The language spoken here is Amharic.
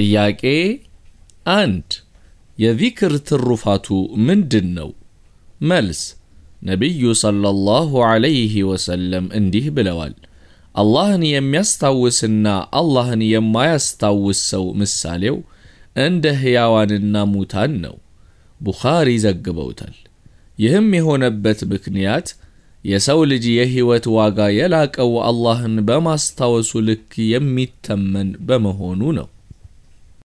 ጥያቄ አንድ የዚክር ትሩፋቱ ምንድን ነው? መልስ ነቢዩ ሰለላሁ ዐለይሂ ወሰለም እንዲህ ብለዋል፣ አላህን የሚያስታውስና አላህን የማያስታውስ ሰው ምሳሌው እንደ ሕያዋንና ሙታን ነው። ቡኻሪ ዘግበውታል። ይህም የሆነበት ምክንያት የሰው ልጅ የሕይወት ዋጋ የላቀው አላህን በማስታወሱ ልክ የሚተመን በመሆኑ ነው።